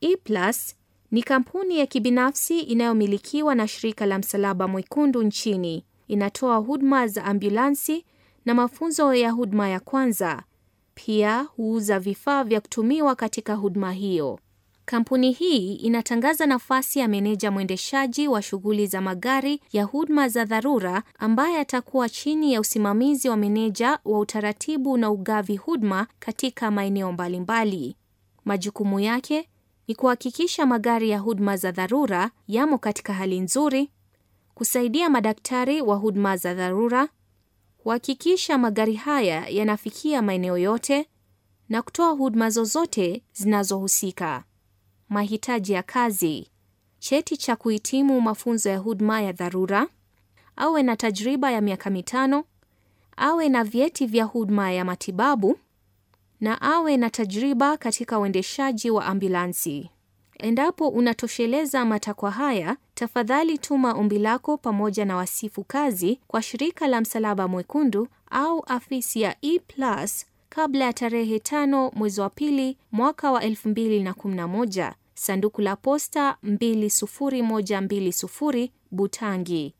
e ni kampuni ya kibinafsi inayomilikiwa na shirika la Msalaba Mwekundu nchini. Inatoa huduma za ambulansi na mafunzo ya huduma ya kwanza. Pia huuza vifaa vya kutumiwa katika huduma hiyo. Kampuni hii inatangaza nafasi ya meneja mwendeshaji wa shughuli za magari ya huduma za dharura ambaye atakuwa chini ya usimamizi wa meneja wa utaratibu na ugavi huduma katika maeneo mbalimbali. Majukumu yake ni kuhakikisha magari ya huduma za dharura yamo katika hali nzuri, kusaidia madaktari wa huduma za dharura, kuhakikisha magari haya yanafikia maeneo yote na kutoa huduma zozote zinazohusika. Mahitaji ya kazi: cheti cha kuhitimu mafunzo ya huduma ya dharura, awe na tajriba ya miaka mitano, awe na vyeti vya huduma ya matibabu na awe na tajriba katika uendeshaji wa ambulansi. Endapo unatosheleza matakwa haya, tafadhali tuma ombi lako pamoja na wasifu kazi kwa shirika la Msalaba Mwekundu au afisi ya E Plus kabla ya tarehe tano mwezi wa pili mwaka wa 2011, sanduku la posta 20120 Butangi.